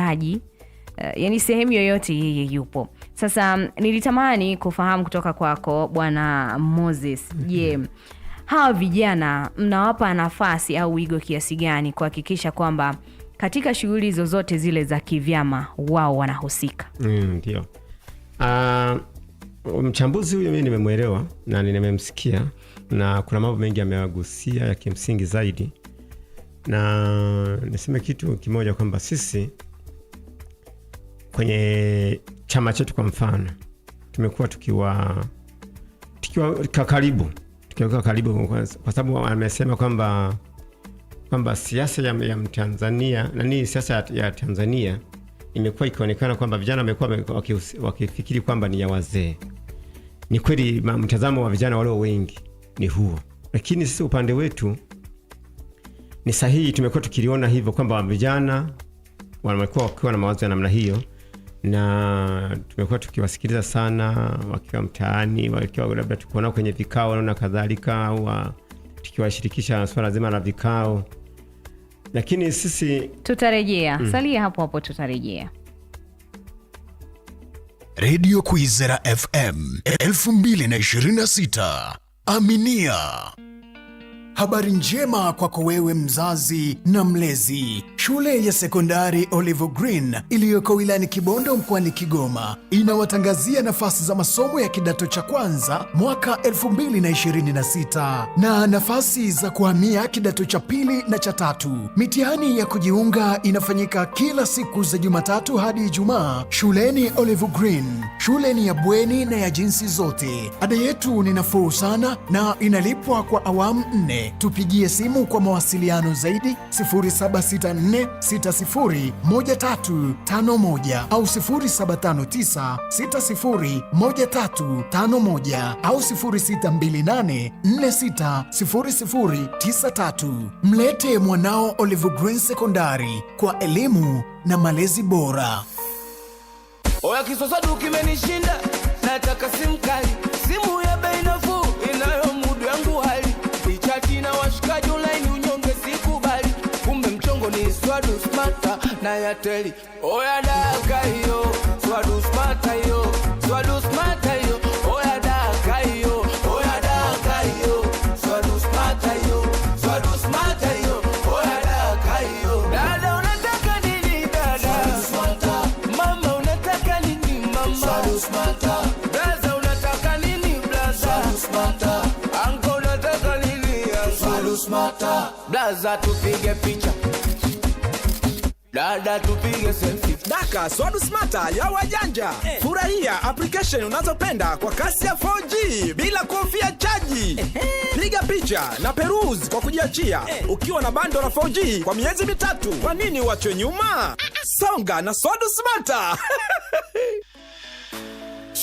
uwindaji uh, eh, yani sehemu yoyote yeye yupo. Sasa nilitamani kufahamu kutoka kwako Bwana Moses, je, mhm. hawa vijana mnawapa nafasi au wigo kiasi gani kuhakikisha kwamba katika shughuli zozote zile za kivyama wao wanahusika? Mm, ndio. Mm, uh, mchambuzi huyo mii nimemwelewa na nimemsikia na kuna mambo mengi amewagusia ya kimsingi zaidi, na niseme kitu kimoja kwamba sisi kwenye chama chetu kwa mfano tumekuwa tukiwa tukiwa karibu tukiwa karibu kwa sababu amesema kwamba kwamba siasa ya, ya Tanzania nani siasa ya, ya Tanzania imekuwa ikionekana kwamba vijana wamekuwa wakifikiri kwamba ni ya wazee. Ni kweli mtazamo wa vijana walio wengi ni huo, lakini sisi upande wetu ni sahihi, tumekuwa tukiliona hivyo kwamba vijana wamekuwa wakiwa na mawazo ya namna hiyo na tumekuwa tukiwasikiliza sana wakiwa mtaani, wakiwa labda tukiona kwenye vikao na kadhalika, au tukiwashirikisha swala zima la vikao, lakini sisi tutarejea. Mm. Salia hapo hapo, tutarejea. Radio Kwizera FM 2026 Aminia. Habari njema kwako wewe mzazi na mlezi. Shule ya sekondari Olive Green iliyoko wilayani Kibondo mkoani Kigoma inawatangazia nafasi za masomo ya kidato cha kwanza mwaka 2026 na nafasi za kuhamia kidato cha pili na cha tatu. Mitihani ya kujiunga inafanyika kila siku za Jumatatu hadi Ijumaa shuleni Olive Green. Shule ni ya bweni na ya jinsi zote. Ada yetu ni nafuu sana na inalipwa kwa awamu nne. Tupigie simu kwa mawasiliano zaidi 0764601351 au 0759601351 au 0628460093. Mlete mwanao Olive Green Sekondari kwa elimu na malezi bora. Oya, kisosodu kimenishinda, nataka simkali na Yateli. Oya daka hiyo, swadu smata hiyo, swadu smata hiyo. Oya daka hiyo, oya daka hiyo, swadu smata hiyo, swadu smata hiyo. Oya daka hiyo. Dada unataka nini dada? Mama unataka nini mama? Swadu smata. Braza unataka nini braza? Anko unataka nini anko? Braza tupige picha Dada tupige selfie. Daka Swadu Smarta ya wajanja hey. Eh. Furahia application unazopenda kwa kasi ya 4G bila kuhofia chaji hey. Piga picha na peruse kwa kujiachia hey. Eh. Ukiwa na bando la 4G kwa miezi mitatu, kwa nini uachwe nyuma? Ah, ah. Songa na Swadu Smarta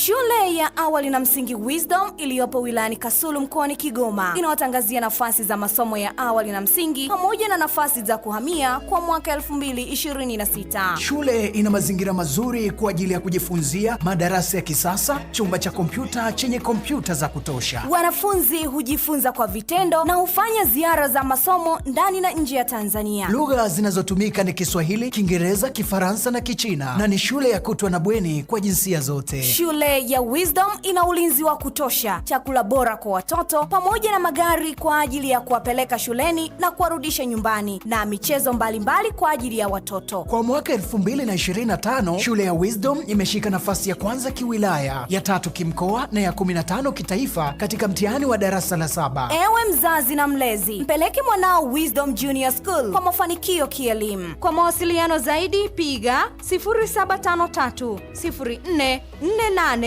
Shule ya awali na msingi Wisdom iliyopo wilayani Kasulu mkoani Kigoma inawatangazia nafasi za masomo ya awali na msingi pamoja na nafasi za kuhamia kwa mwaka 2026. Shule ina mazingira mazuri kwa ajili ya kujifunzia, madarasa ya kisasa, chumba cha kompyuta chenye kompyuta za kutosha. Wanafunzi hujifunza kwa vitendo na hufanya ziara za masomo ndani na nje ya Tanzania. Lugha zinazotumika ni Kiswahili, Kiingereza, Kifaransa na Kichina na ni shule ya kutwa na bweni kwa jinsia zote. Shule ya Wisdom ina ulinzi wa kutosha, chakula bora kwa watoto, pamoja na magari kwa ajili ya kuwapeleka shuleni na kuwarudisha nyumbani na michezo mbalimbali mbali kwa ajili ya watoto. Kwa mwaka 2025 shule ya Wisdom imeshika nafasi ya kwanza kiwilaya, ya tatu kimkoa na ya 15 kitaifa katika mtihani wa darasa la saba. Ewe mzazi na mlezi, mpeleke mwanao Wisdom Junior School kwa mafanikio kielimu. Kwa mawasiliano zaidi piga 0753 0448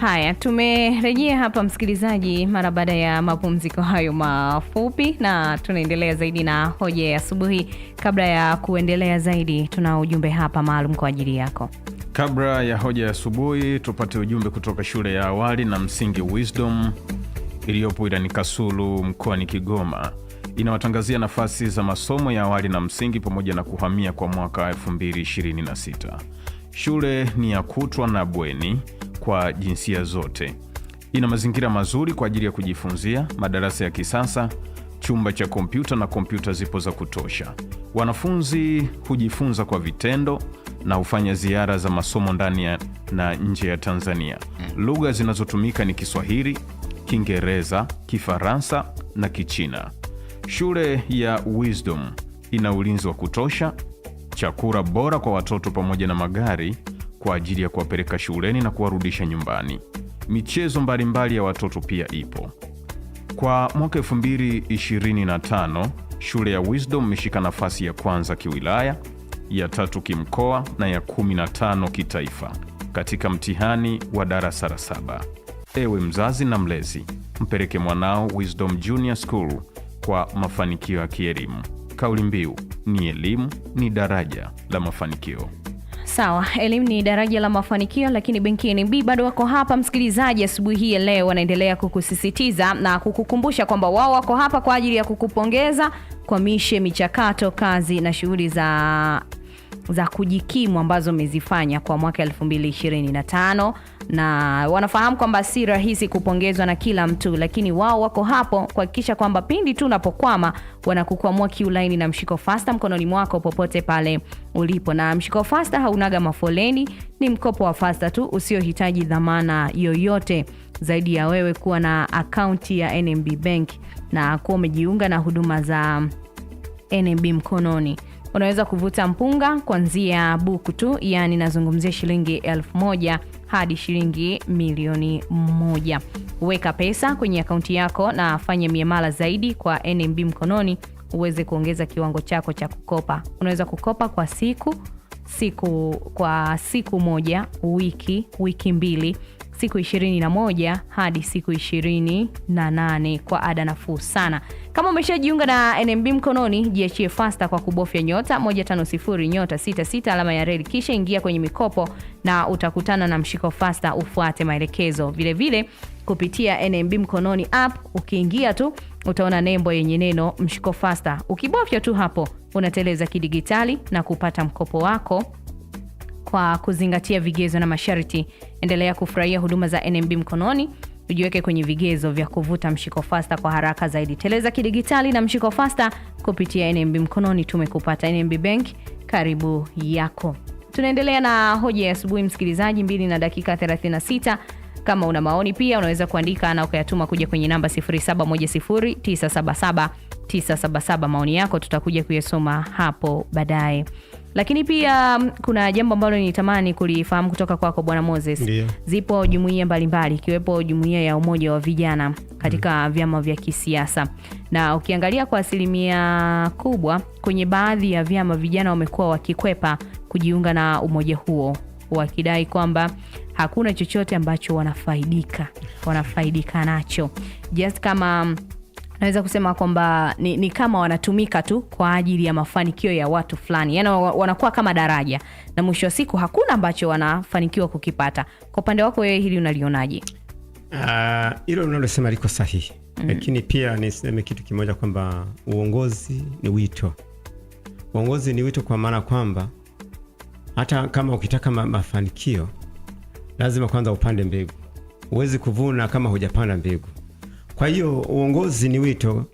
Haya, tumerejea hapa msikilizaji, mara baada ya mapumziko hayo mafupi, na tunaendelea zaidi na hoja ya asubuhi. Kabla ya kuendelea zaidi, tuna ujumbe hapa maalum kwa ajili yako. Kabla ya hoja ya asubuhi, tupate ujumbe kutoka shule ya awali na msingi Wisdom iliyopo wilani Kasulu mkoani Kigoma inawatangazia nafasi za masomo ya awali na msingi pamoja na kuhamia kwa mwaka 2026. Shule ni ya kutwa na bweni kwa jinsia zote. Ina mazingira mazuri kwa ajili ya kujifunzia, madarasa ya kisasa, chumba cha kompyuta na kompyuta zipo za kutosha. Wanafunzi hujifunza kwa vitendo na hufanya ziara za masomo ndani na nje ya Tanzania. Lugha zinazotumika ni Kiswahili, Kiingereza, Kifaransa na Kichina. Shule ya Wisdom ina ulinzi wa kutosha, chakula bora kwa watoto pamoja na magari kwa ajili ya kuwapeleka shuleni na kuwarudisha nyumbani. Michezo mbalimbali mbali ya watoto pia ipo. Kwa mwaka 2025 shule ya Wisdom imeshika nafasi ya kwanza kiwilaya, ya tatu kimkoa na ya 15 kitaifa katika mtihani wa darasa la saba. Ewe mzazi na mlezi, mpeleke mwanao Wisdom Junior School kwa mafanikio ya kielimu. Kauli mbiu ni elimu ni daraja la mafanikio. Sawa, elimu ni daraja la mafanikio, lakini benki NMB bado wako hapa, msikilizaji. Asubuhi hii ya leo wanaendelea kukusisitiza na kukukumbusha kwamba wao wako hapa kwa ajili ya kukupongeza kwa mishe, michakato, kazi na shughuli za za kujikimu ambazo umezifanya kwa mwaka 2025 na wanafahamu kwamba si rahisi kupongezwa na kila mtu, lakini wao wako hapo kuhakikisha kwamba pindi tu unapokwama wanakukwamua kiulaini na mshiko fasta mkononi mwako popote pale ulipo. Na mshiko fasta haunaga mafoleni, ni mkopo wa fasta tu usiohitaji dhamana yoyote zaidi ya wewe kuwa na akaunti ya NMB Bank na kuwa umejiunga na huduma za NMB mkononi. Unaweza kuvuta mpunga kuanzia buku tu, yani nazungumzia shilingi elfu moja hadi shilingi milioni moja. Weka pesa kwenye akaunti yako na fanye miamala zaidi kwa NMB mkononi uweze kuongeza kiwango chako cha kukopa. Unaweza kukopa kwa siku siku kwa siku moja, wiki, wiki mbili siku 21 hadi siku 28 kwa ada nafuu sana. Kama umeshajiunga na NMB mkononi, jiachie fasta kwa kubofya nyota 150 nyota 66 alama ya reli, kisha ingia kwenye mikopo na utakutana na mshiko fasta, ufuate maelekezo. Vilevile vile, kupitia NMB mkononi app ukiingia tu utaona nembo yenye neno mshiko fasta, ukibofya tu hapo unateleza kidigitali na kupata mkopo wako kwa kuzingatia vigezo na masharti. Endelea kufurahia huduma za NMB mkononi, ujiweke kwenye vigezo vya kuvuta mshiko fasta kwa haraka zaidi. Teleza kidigitali na mshiko fasta kupitia NMB mkononi. Tumekupata NMB Bank karibu yako. Tunaendelea na hoja ya asubuhi, msikilizaji, mbili na dakika 36. Kama una maoni pia unaweza kuandika na ukayatuma kuja kwenye namba 0710977977. Maoni yako tutakuja kuyasoma hapo baadaye. Lakini pia mm, kuna jambo ambalo nitamani kulifahamu kutoka kwako Bwana Moses. Ndiyo. Zipo jumuiya mbalimbali ikiwepo jumuiya ya umoja wa vijana katika mm. vyama vya kisiasa na ukiangalia kwa asilimia kubwa kwenye baadhi ya vyama vijana wamekuwa wakikwepa kujiunga na umoja huo wakidai kwamba hakuna chochote ambacho wanafaidika wanafaidika nacho just kama mm, naweza kusema kwamba ni, ni kama wanatumika tu kwa ajili ya mafanikio ya watu fulani, yani wanakuwa kama daraja na mwisho wa siku hakuna ambacho wanafanikiwa kukipata. Kwa upande wako wewe hili unalionaje? Ah, hilo uh, unalosema liko sahihi mm. Lakini pia niseme kitu kimoja kwamba uongozi ni wito. Uongozi ni wito kwa maana kwamba hata kama ukitaka ma mafanikio lazima kwanza upande mbegu. Huwezi kuvuna kama hujapanda mbegu. Kwa hiyo uongozi ni wito.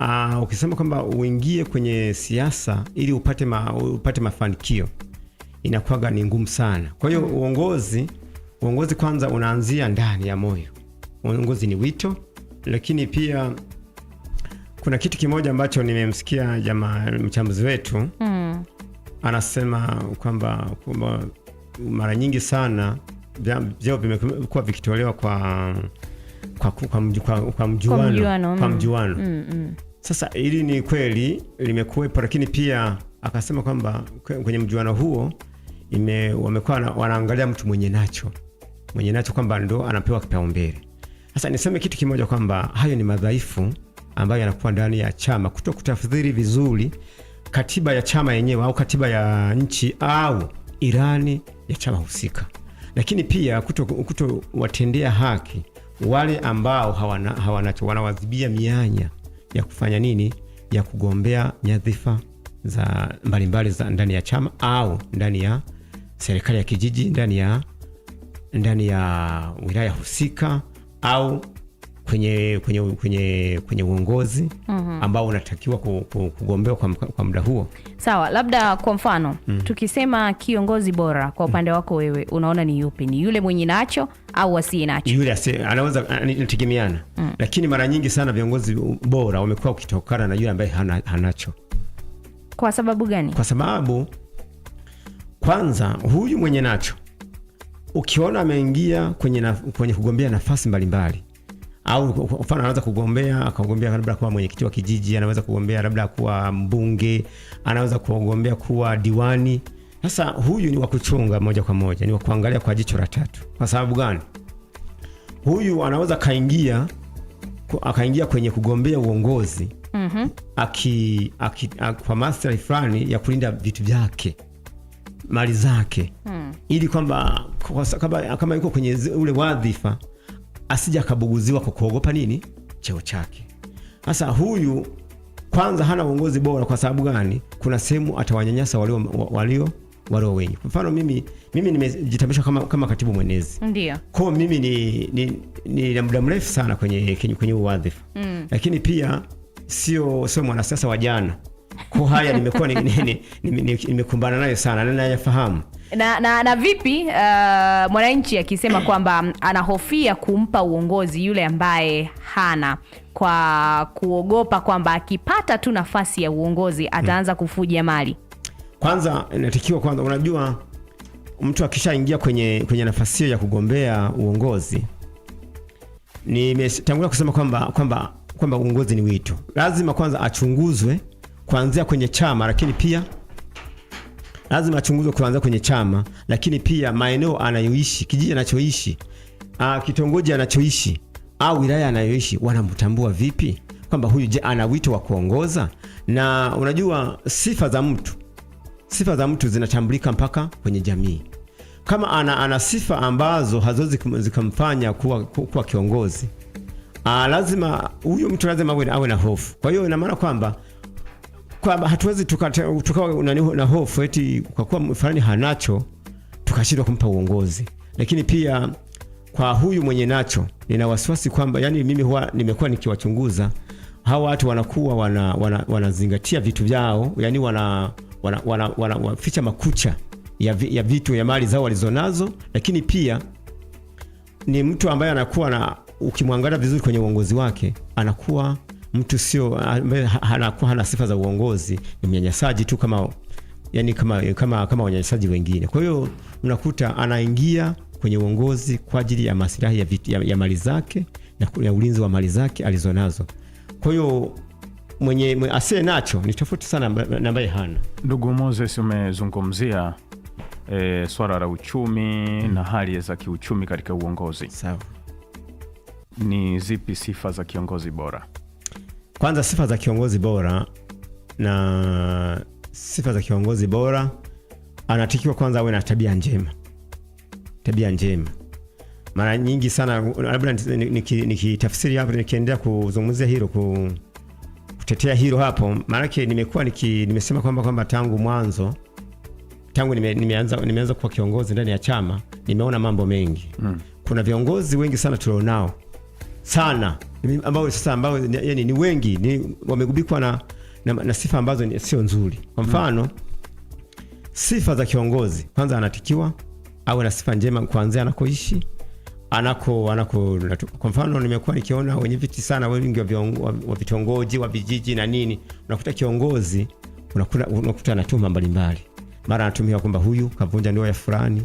Uh, ukisema kwamba uingie kwenye siasa ili upate, ma, upate mafanikio inakuwaga ni ngumu sana. Kwa hiyo mm-hmm. uongozi, uongozi kwanza unaanzia ndani ya moyo. Uongozi ni wito, lakini pia kuna kitu kimoja ambacho nimemsikia jamaa mchambuzi wetu mm. anasema kwamba mara nyingi sana vyao vimekuwa vikitolewa kwa kwa, kwa, kwa, kwa mjuano, kwa mjuano, kwa mm. mjuano. Mm, mm. Sasa hili ni kweli limekuwepo, lakini pia akasema kwamba kwenye mjuano huo ime, wamekuwa wanaangalia mtu mwenye nacho mwenye nacho kwamba ndo anapewa kipaumbele. Sasa niseme kitu kimoja kwamba hayo ni madhaifu ambayo yanakuwa ndani ya chama, kuto kutafsiri vizuri katiba ya chama yenyewe au katiba ya nchi au irani ya chama husika, lakini pia kuto, kuto watendea haki wale ambao hawana, hawanacho wanawadhibia mianya ya kufanya nini, ya kugombea nyadhifa za mbalimbali za ndani ya chama au ndani ya serikali ya kijiji, ndani ya ndani ya wilaya husika au kwenye kwenye kwenye kwenye uongozi mm -hmm. ambao unatakiwa kugombewa kwa, kwa muda huo. Sawa, labda kwa mfano mm -hmm. tukisema kiongozi bora kwa upande mm. wako wewe unaona ni yupi? Ni yule mwenye nacho au asiye nacho? Yule asiye anaweza nategemeana mm -hmm. lakini mara nyingi sana viongozi bora wamekuwa ukitokana na yule ambaye hana, hanacho. Kwa sababu gani? Kwa sababu kwanza huyu mwenye nacho ukiona ameingia kwenye, na, kwenye kugombea nafasi mbalimbali au mfano anaweza kugombea akagombea labda kuwa mwenyekiti wa kijiji, anaweza kugombea labda kuwa mbunge, anaweza kugombea kuwa diwani. Sasa huyu ni wa kuchunga moja kwa moja, ni wa kuangalia kwa jicho la tatu. Kwa sababu gani? Huyu anaweza kaingia akaingia kwenye kugombea uongozi mm -hmm. aki, aki, aki, kwa maslahi fulani ya kulinda vitu vyake mali zake mm. ili kwamba kama yuko kwenye ule wadhifa asija akabuguziwa kwa kuogopa nini cheo chake. Sasa huyu kwanza hana uongozi bora. Kwa sababu gani? Kuna sehemu atawanyanyasa walio walio walio wengi. Mfano mimi mimi nimejitambulisha kama, kama katibu mwenezi ndio kwa mimi ni ni, ni, ni muda mrefu sana kwenye kwenye uwadhifa mm. Lakini pia sio sio mwanasiasa wa jana kwa haya nimekuwa nimekumbana nayo sana na nayafahamu na, na, na vipi uh, mwananchi akisema kwamba anahofia kumpa uongozi yule ambaye hana kwa kuogopa kwamba akipata tu nafasi ya uongozi hmm. ataanza kufuja mali. Kwanza inatakiwa kwanza, unajua mtu akishaingia kwenye, kwenye nafasi hiyo ya kugombea uongozi, nimetangulia kusema kwamba kwamba kwamba uongozi ni wito, lazima kwanza achunguzwe kuanzia kwenye chama, lakini pia lazima achunguzwe kuanza kwenye chama, lakini pia maeneo anayoishi, kijiji anachoishi, ah, kitongoji anachoishi au wilaya anayoishi, wanamtambua vipi kwamba huyu je, ana wito wa kuongoza? Na unajua sifa za mtu, sifa za mtu zinatambulika mpaka kwenye jamii. Kama ana, ana sifa ambazo haziwezi zikamfanya kuwa, kuwa kiongozi, ah, lazima huyo mtu lazima awe na hofu. Kwa hiyo ina maana kwamba kwamba hatuwezi tukawa tuka, na hofu eti kwa kuwa fulani hanacho tukashindwa kumpa uongozi. Lakini pia kwa huyu mwenye nacho, nina wasiwasi kwamba yani, mimi huwa nimekuwa nikiwachunguza hawa watu wanakuwa wanazingatia wana, wana vitu vyao yani wana, wana, wana, wana, makucha ya, ya vitu ya mali zao walizonazo, lakini pia ni mtu ambaye anakuwa na ukimwangalia vizuri kwenye uongozi wake anakuwa mtu sio ambaye anakuwa hana sifa za uongozi ni mnyanyasaji tu kama yani kama kama kama wanyanyasaji wengine. Kwa hiyo unakuta anaingia kwenye uongozi kwa ajili ya maslahi ya, ya, ya mali zake na ya ulinzi wa mali zake alizonazo. Kwa hiyo mwenye, mwenye asiye nacho ni tofauti sana na ambaye hana. Ndugu Moses, umezungumzia e, swala la uchumi hmm, na hali za kiuchumi katika uongozi. Sawa. Ni zipi sifa za kiongozi bora? Kwanza sifa za kiongozi bora, na sifa za kiongozi bora anatakiwa kwanza awe na tabia njema, tabia njema. Mara nyingi sana, labda nikitafsiri hapo, nikiendelea kuzungumzia hilo ku, kutetea hilo hapo, maanake nimekuwa niki, nimesema kwamba kwamba tangu mwanzo tangu nime, nimeanza, nimeanza kuwa kiongozi ndani ya chama nimeona mambo mengi mm. Kuna viongozi wengi sana tulionao sana ambao sasa ambao yani ni wengi ni wamegubikwa na, na, na sifa ambazo sio nzuri. Kwa mfano mm. sifa za kiongozi, kwanza anatikiwa awe na sifa njema kuanzia anakoishi anako anako. Kwa mfano nimekuwa nikiona wenye viti sana wengi wa vitongoji wa vijiji na nini, unakuta kiongozi unakuta, unakuta anatuma mbalimbali, mara anatumia kwamba huyu kavunja ndoa ya fulani,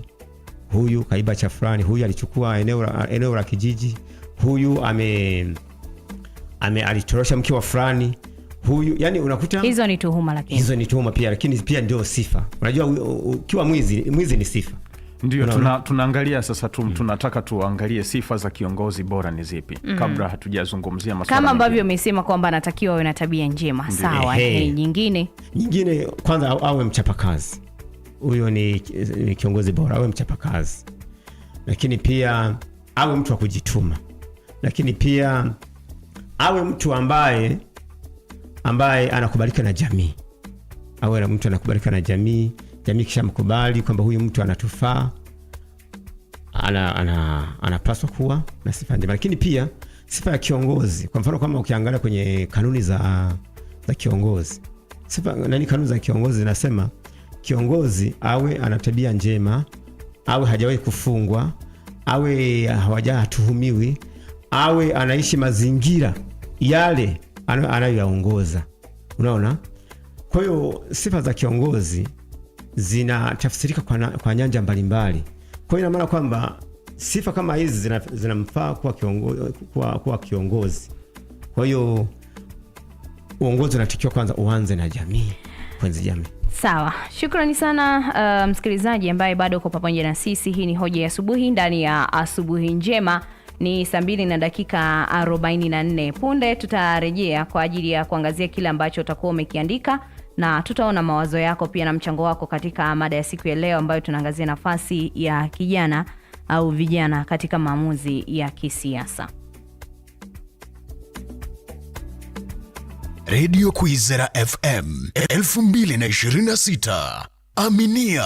huyu kaiba cha fulani, huyu alichukua eneo la eneo la kijiji huyu ame, ame alitorosha mkiwa fulani huyu yani, unakuta hizo ni tuhuma, lakini hizo ni tuhuma pia, lakini pia ndio sifa. Unajua ukiwa mwizi, mwizi ni sifa. Ndio tuna, tunaangalia sasa tu, mm. tunataka tuangalie sifa za kiongozi bora ni zipi mm. kabla hatujazungumzia masuala kama ambavyo umesema kwamba anatakiwa awe na tabia njema. Sawa, hey. hey, Nyingine nyingine, kwanza awe mchapakazi. Huyo ni, ni kiongozi bora, awe mchapakazi, lakini pia awe mtu wa kujituma lakini pia awe mtu ambaye ambaye anakubalika na jamii, awe na mtu anakubalika na jamii. Jamii kisha mkubali kwamba huyu mtu anatufaa, ana, ana, anapaswa kuwa na sifa njema, lakini pia sifa ya kiongozi. Kwa mfano kama ukiangalia kwenye kanuni za, za kiongozi sifa, nani, kanuni za kiongozi zinasema kiongozi awe ana tabia njema, awe hajawahi kufungwa, awe hawajatuhumiwi awe anaishi mazingira yale anayoyaongoza. Unaona, kwa hiyo sifa za kiongozi zinatafsirika kwa, kwa nyanja mbalimbali. Kwa hiyo ina maana kwamba sifa kama hizi zinamfaa zina kuwa kiongozi, kuwa, kuwa kiongozi. Kwa hiyo uongozi unatakiwa kwanza uanze na jamii, kwenzi jamii. Sawa, shukrani sana uh, msikilizaji ambaye bado uko pamoja na sisi. Hii ni hoja ya asubuhi ndani ya asubuhi njema ni saa mbili na dakika 44. Punde tutarejea kwa ajili ya kuangazia kile ambacho utakuwa umekiandika na tutaona mawazo yako pia na mchango wako katika mada ya siku ya leo ambayo tunaangazia nafasi ya kijana au vijana katika maamuzi ya kisiasa. Radio kuizera FM 2026. Aminia.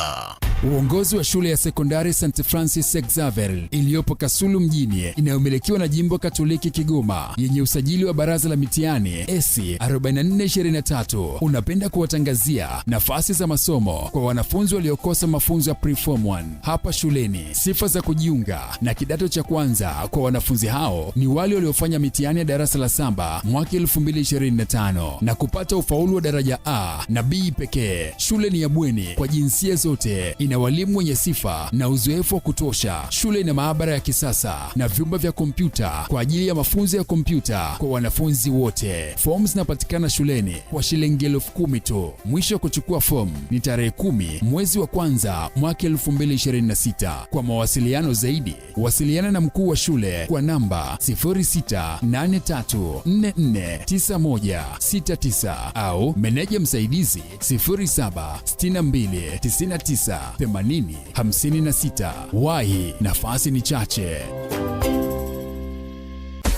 Uongozi wa shule ya sekondari St Francis Xavier iliyopo Kasulu mjini inayomilikiwa na jimbo Katoliki Kigoma yenye usajili wa baraza la mitihani s 4423 unapenda kuwatangazia nafasi za masomo kwa wanafunzi waliokosa mafunzo ya preform 1 hapa shuleni. Sifa za kujiunga na kidato cha kwanza kwa wanafunzi hao ni wale waliofanya mitihani ya darasa la saba mwaka 2025 na kupata ufaulu wa daraja A na B pekee. Shule ni ya bweni kwa jinsia zote ina walimu wenye sifa na uzoefu wa kutosha. Shule ina maabara ya kisasa na vyumba vya kompyuta kwa ajili ya mafunzo ya kompyuta kwa wanafunzi wote. Fomu zinapatikana shuleni kwa shilingi elfu kumi tu. Mwisho wa kuchukua fomu ni tarehe kumi mwezi wa kwanza mwaka 2026. Kwa mawasiliano zaidi, wasiliana na mkuu wa shule kwa namba 0683449169 au meneja msaidizi 99 80 Wahi, nafasi ni chache.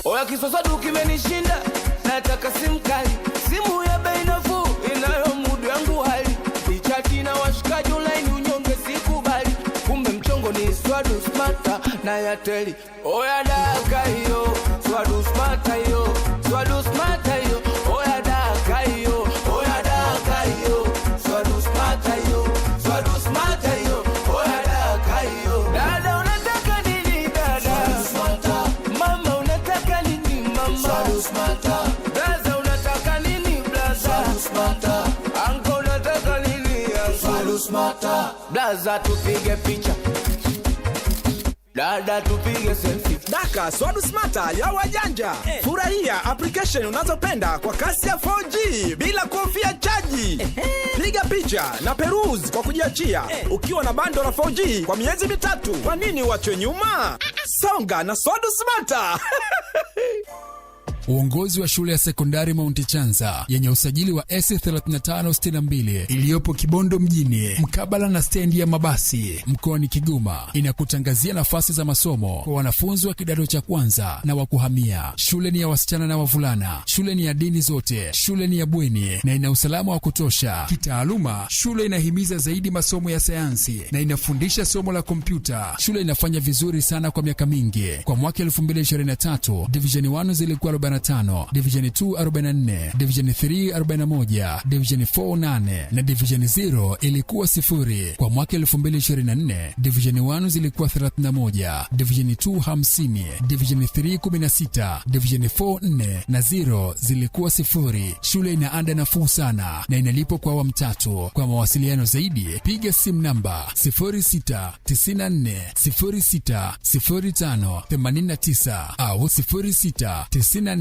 Oya kisosa duka kimenishinda, nataka simu kali, simu ya bei nafuu inayomudu yangu hali, nichati na washikaji online, unyonge sikubali, kumbe mchongo ni Swadu Smarta na Yateli. Oya daka hiyo Swadu Smarta hiyo Swadu Smarta Kaza tupige picha. Dada tupige selfie. Daka Swadu Smarta ya wajanja eh. Furahia application unazopenda kwa kasi ya 4G bila kuhofia chaji eh. eh. Piga picha na peruzi kwa kujiachia eh. Ukiwa na bando la 4G kwa miezi mitatu, kwa nini uachwe nyuma? Ah, ah. Songa na Swadu Smarta uongozi wa shule ya sekondari Mount Chanza yenye usajili wa S3562 iliyopo Kibondo mjini mkabala na stendi ya mabasi mkoani Kigoma inakutangazia nafasi za masomo kwa wanafunzi wa kidato cha kwanza na wa kuhamia. Shule ni ya wasichana na wavulana, shule ni ya dini zote, shule ni ya bweni na ina usalama wa kutosha. Kitaaluma, shule inahimiza zaidi masomo ya sayansi na inafundisha somo la kompyuta. Shule inafanya vizuri sana kwa miaka mingi. Kwa mwaka 2023 division 1 zilikuwa 45, Division 2 44, Division 3 41, Division 4 8 na Division 0 ilikuwa sifuri. Kwa mwaka 2024 Division 1 zilikuwa 31, Division 2 50, Division 3 16, Division 4 4 na 0 zilikuwa sifuri. Shule ina ada nafuu sana na inalipo kwa awamu tatu. Kwa mawasiliano zaidi piga simu namba 0694 06 0694060589 au 0694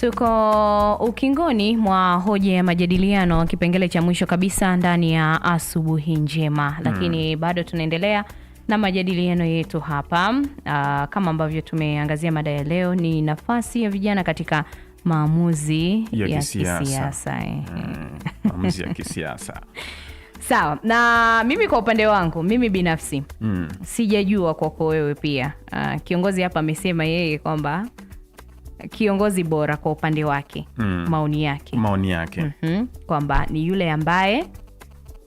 Tuko ukingoni mwa hoja ya majadiliano, kipengele cha mwisho kabisa ndani ya asubuhi njema, hmm. lakini hmm, bado tunaendelea na majadiliano yetu hapa. Aa, ah, kama ambavyo tumeangazia mada ya leo ni nafasi ya vijana katika maamuzi ya, ya kisiasa eh. hmm, maamuzi ya kisiasa Sawa na mimi kwa upande wangu mimi binafsi mm, sijajua kwako wewe pia. Uh, kiongozi hapa amesema yeye kwamba kiongozi bora kwa upande wake mm. maoni yake, maoni yake mm -hmm. kwamba ni yule ambaye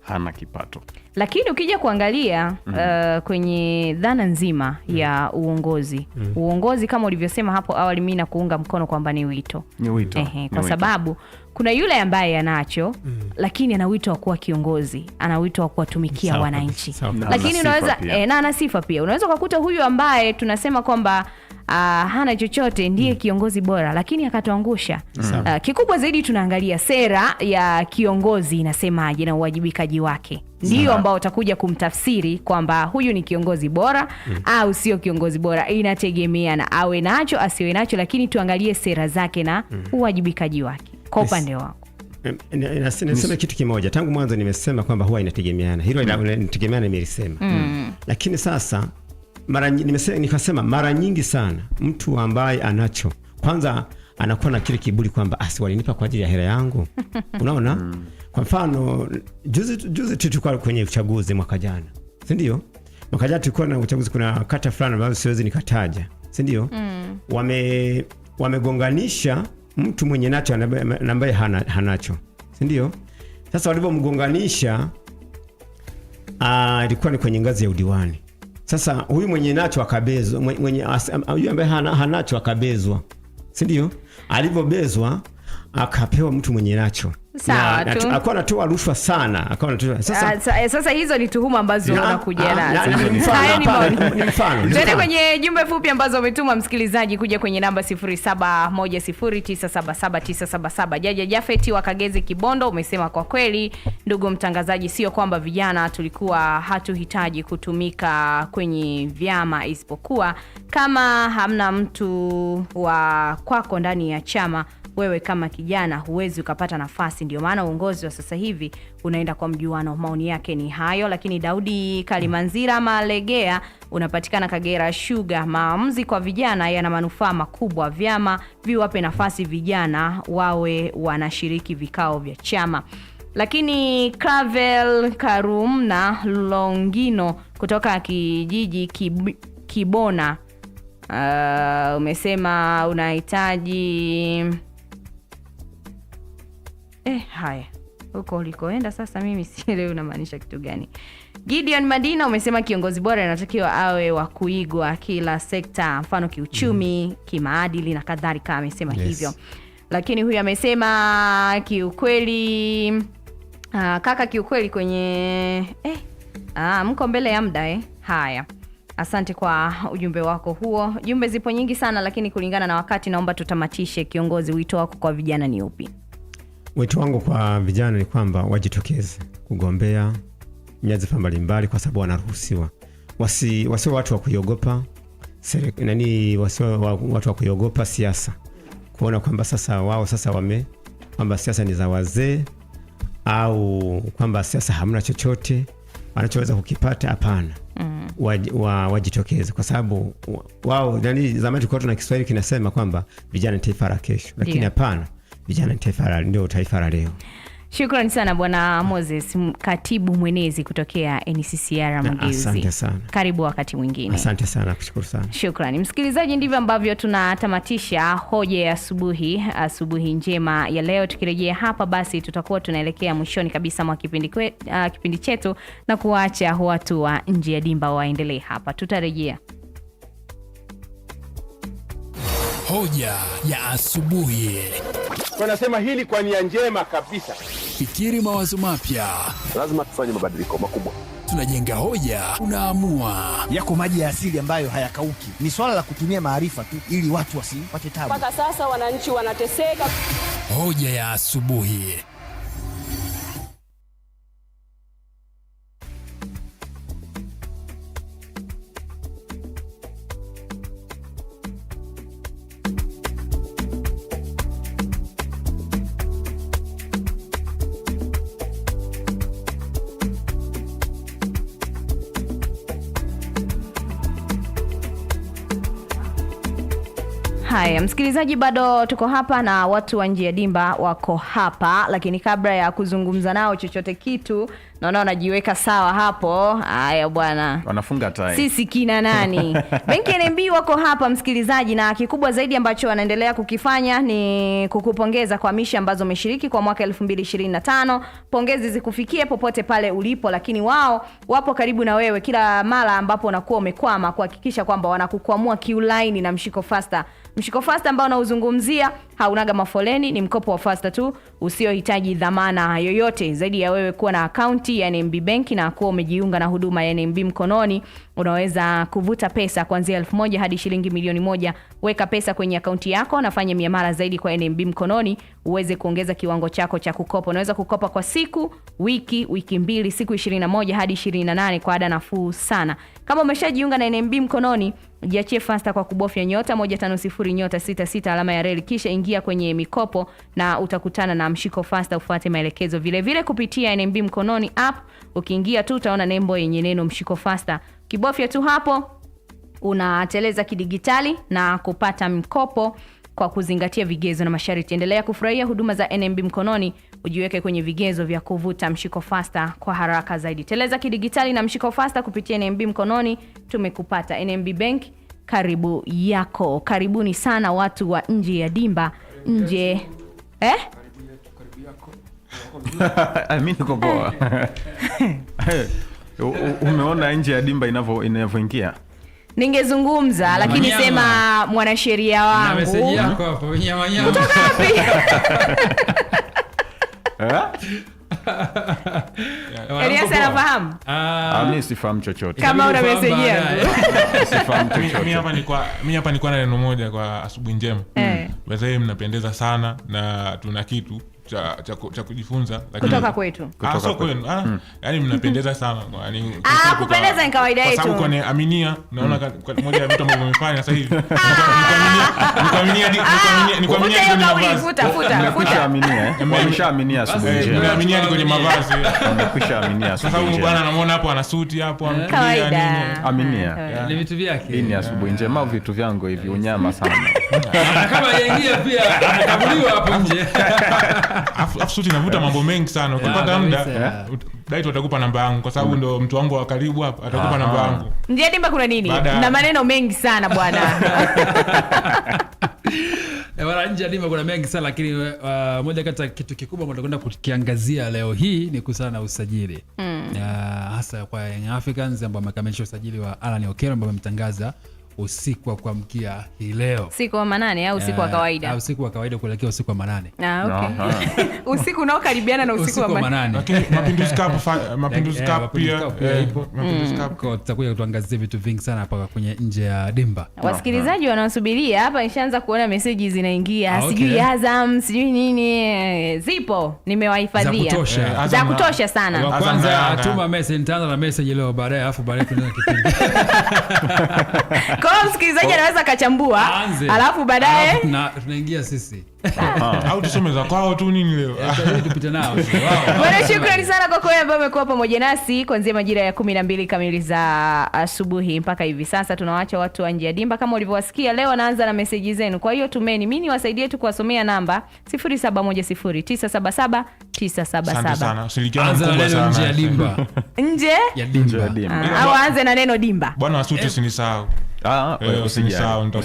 hana kipato lakini ukija kuangalia mm -hmm. uh, kwenye dhana nzima mm -hmm. ya uongozi mm -hmm. uongozi kama ulivyosema hapo awali, mi na kuunga mkono kwamba ni wito, ni wito. Ehe, kwa ni sababu wito kuna yule ambaye anacho mm. lakini anawito wa kuwa kiongozi, anawito wakuwatumikia wa kuwatumikia wananchi, lakini unaweza e, na ana sifa pia. Unaweza ukakuta huyu ambaye tunasema kwamba uh, hana chochote ndiye mm. kiongozi bora, lakini akatuangusha mm. uh, kikubwa zaidi tunaangalia sera ya kiongozi inasemaje na uwajibikaji wake ndio ambao utakuja kumtafsiri kwamba huyu ni kiongozi bora mm. au sio kiongozi bora. Inategemeana awe nacho asiwe nacho, lakini tuangalie sera zake na mm. uwajibikaji wake kwa upande wako? Nasema kitu kimoja, tangu mwanzo nimesema kwamba huwa inategemeana, hilo inategemeana, nimelisema mm. Lakini sasa mara, nimesema, nikasema mara nyingi sana mtu ambaye anacho kwanza anakuwa na kile kiburi kwamba asi ah, walinipa kwa ajili ya hela yangu unaona mm. Kwa mfano juzi juzi tu tulikuwa kwenye uchaguzi mwaka jana, sindio Mwaka jana tulikuwa na uchaguzi, kuna kata fulani ambazo siwezi nikataja, sindio ndio? mm. wame wamegonganisha mtu mwenye nacho ambaye hana, hanacho si ndio? Sasa walivyomgonganisha ah, ilikuwa ni kwenye ngazi ya udiwani. Sasa huyu mwenye nacho akabezwa, mwenye huyu ambaye hana, hanacho akabezwa, si ndio? Alivyobezwa akapewa mtu mwenye nacho Sawa tu. anatoa rushwa sana. anatoa. Ah, sasa eh, sasa hizo ni tuhuma ambazo unakuja nazo. Ni mfano. kwenye jumbe fupi ambazo umetuma msikilizaji kuja kwenye namba 0710977977. Jaja Jafeti wa Kagezi Kibondo umesema kwa kweli, ndugu mtangazaji, sio kwamba vijana tulikuwa hatuhitaji kutumika kwenye vyama, isipokuwa kama hamna mtu wa kwako ndani ya chama wewe kama kijana huwezi ukapata nafasi. Ndio maana uongozi wa sasa hivi unaenda kwa mjuano. Maoni yake ni hayo, lakini Daudi Kalimanzira Malegea unapatikana Kagera Sugar, maamuzi kwa vijana yana manufaa makubwa, vyama viwape nafasi vijana wawe wanashiriki vikao vya chama lakini Clavel Karumna Longino kutoka kijiji Kib Kibona, uh, umesema unahitaji Eh, haya huko ulikoenda sasa, mimi sielewi unamaanisha kitu gani. Gideon Madina, umesema kiongozi bora anatakiwa awe wa kuigwa kila sekta, mfano kiuchumi, mm -hmm. kimaadili na kadhalika, amesema yes. hivyo lakini huyu amesema kiukweli, uh, kaka kiukweli kwenye eh, ah, mko mbele ya muda eh. Haya, asante kwa ujumbe wako huo. Jumbe zipo nyingi sana, lakini kulingana na wakati, naomba tutamatishe. Kiongozi, wito wako kwa vijana ni upi? Wito wangu kwa vijana ni kwamba wajitokeze kugombea nyadhifa mbalimbali, kwa sababu wanaruhusiwa. wasio watu wa kuiogopa nani, wasio watu wa kuiogopa siasa, kuona kwamba sasa wao sasa wame kwamba siasa ni za wazee au kwamba siasa hamna chochote wanachoweza kukipata. Hapana, mm. Wajitokeze wa, wa kwa sababu wao nani, zamani tulikuwa tuna Kiswahili kinasema kwamba vijana ni taifa la kesho, lakini hapana vijana taifa la ndio taifa la leo. Shukrani sana Bwana Moses, katibu mwenezi kutokea NCCR Mageuzi. Asante sana. Karibu wakati mwingine. Asante sana, kushukuru sana. Shukrani msikilizaji, ndivyo ambavyo tunatamatisha hoja ya asubuhi, asubuhi njema ya leo. Tukirejea hapa, basi tutakuwa tunaelekea mwishoni kabisa mwa kipindi, uh, kipindi chetu na kuwaacha watu wa nje ya dimba waendelee hapa, tutarejea Hoja ya asubuhi tunasema hili kwa nia njema kabisa. Fikiri mawazo mapya, lazima tufanye mabadiliko makubwa. Tunajenga hoja, unaamua. Yako maji ya asili ambayo hayakauki, ni swala la kutumia maarifa tu ili watu wasipate tabu. Mpaka sasa wananchi wanateseka. Hoja ya asubuhi. Msikilizaji, bado tuko hapa na watu wa ya Dimba wako hapa, lakini kabla ya kuzungumza nao chochote kitu, naona wanajiweka sawa hapo. Haya bwana, wanafunga tai, sisi kina nani? Benki NMB wako hapa msikilizaji, na kikubwa zaidi ambacho wanaendelea kukifanya ni kukupongeza kwa misha ambazo umeshiriki kwa mwaka 2025. Pongezi zikufikie popote pale ulipo, lakini wao wapo karibu na wewe kila mara ambapo unakuwa umekwama, kuhakikisha kwamba wanakukwamua kiulaini na mshiko fasta Mshiko Fast ambao nauzungumzia haunaga mafoleni, ni mkopo wa fasta tu usiohitaji dhamana yoyote zaidi ya wewe kuwa na akaunti ya NMB Bank na kuwa umejiunga na huduma ya NMB mkononi. Unaweza kuvuta pesa kuanzia elfu moja hadi shilingi milioni moja. Weka pesa kwenye akaunti yako na fanya miamala zaidi kwa NMB mkononi uweze kuongeza kiwango chako cha kukopa. Unaweza kukopa kwa siku, wiki, wiki mbili, siku 21 hadi 28 kwa ada nafuu sana. Kama umeshajiunga na NMB mkononi, jiachie fasta kwa kubofya nyota 150 nyota 66 alama ya reli kisha kuingia kwenye mikopo na utakutana na mshiko fasta, ufuate maelekezo. Vile vile kupitia NMB mkononi app, ukiingia tu utaona nembo yenye neno mshiko fasta, kibofya tu hapo unateleza kidigitali na kupata mkopo kwa kuzingatia vigezo na masharti. Endelea kufurahia huduma za NMB mkononi, ujiweke kwenye vigezo vya kuvuta mshiko fasta kwa haraka zaidi. Teleza kidigitali na mshiko fasta kupitia NMB mkononi. Tumekupata NMB Bank karibu yako. Karibuni sana watu wa nje ya dimba nje eh? Amini uko poa. Eh, umeona nje ya dimba inavyo inavyoingia. Ningezungumza lakini manyama. Sema mwanasheria wangu kutoka wapi? Eh? Elias anafahamu? Ah, sifahamu hapa nikuwa na neno moja kwa asubuhi njema. Mzee, eh. mnapendeza sana na tuna kitu cha, cha, cha kujifunza kutoka kwetu ah, so kwenu ah, mm. Yani mnapendeza sana yani, ah, kupendeza ni kawaida yetu, kwa sababu kwenye aminia naona hmm. moja ya vitu ambavyo mmefanya sasa hivi nikuaminia nikuaminia nikuaminia mavazi, futa futa futa aminia mmekwisha aminia eh? asubuhi ni kwenye mavazi, mmekwisha aminia bwana anamuona hapo ana suti hapo hmm. nini, eh? aminia ni vitu vyake, hii ni asubuhi njema vitu vyangu hivi, unyama sana kama yeye pia amekabuliwa hapo nje afu navuta mambo mengi sana ukipata muda dait watakupa namba yangu kwa sababu mm. ndo mtu wangu wa karibu hapa atakupa ah, namba ah. yangu njiadimba kuna nini na maneno mengi sana bwana eh, Bwana nje adima kuna mengi sana lakini uh, moja kati ya kitu kikubwa ambacho kukiangazia leo hii ni kuhusiana na usajili mm. uh, hasa kwa Young Africans ambao amekamilisha usajili wa Alan Okero ambao amemtangaza usiku wa kuamkia hii leo, usiku wa manane au usiku wa eh, kawaida, Uh, usiku wa kawaida kuelekea usiku wa manane. Ah, okay, usiku unaokaribiana na usiku wa manane. Lakini Mapinduzi Cup, Mapinduzi eh, Cup eh, pia ipo, Mapinduzi mm. Cup tutakuja kutuangazia vitu vingi sana hapa kwenye nje ya dimba. Wasikilizaji wanasubiria hapa, nishaanza kuona meseji zinaingia, Ah, okay. sijui Azam, sijui nini, zipo nimewahifadhia za kutosha sana. Wa kwanza tuma message, nitaanza na message leo baadaye, afu baadaye tunaanza kipindi Kwa hiyo msikilizaji anaweza akachambua, alafu baadaye tunaingia sisi ah. au tusome za kwao tu nini leo. Eh, bwana, shukrani sana kwa kweli ambao umekuwa pamoja nasi kuanzia majira ya kumi na mbili kamili za asubuhi mpaka hivi sasa. Tunawaacha watu wa nje ya dimba kama ulivyowasikia leo, anaanza na meseji zenu. Kwa hiyo tumeni, mimi niwasaidie tu kuwasomea namba 0710977977 nje ya dimba, ah, au aanze na neno dimba bwana, wasuti eh. sinisahau Ah, ja, ah, ja, é,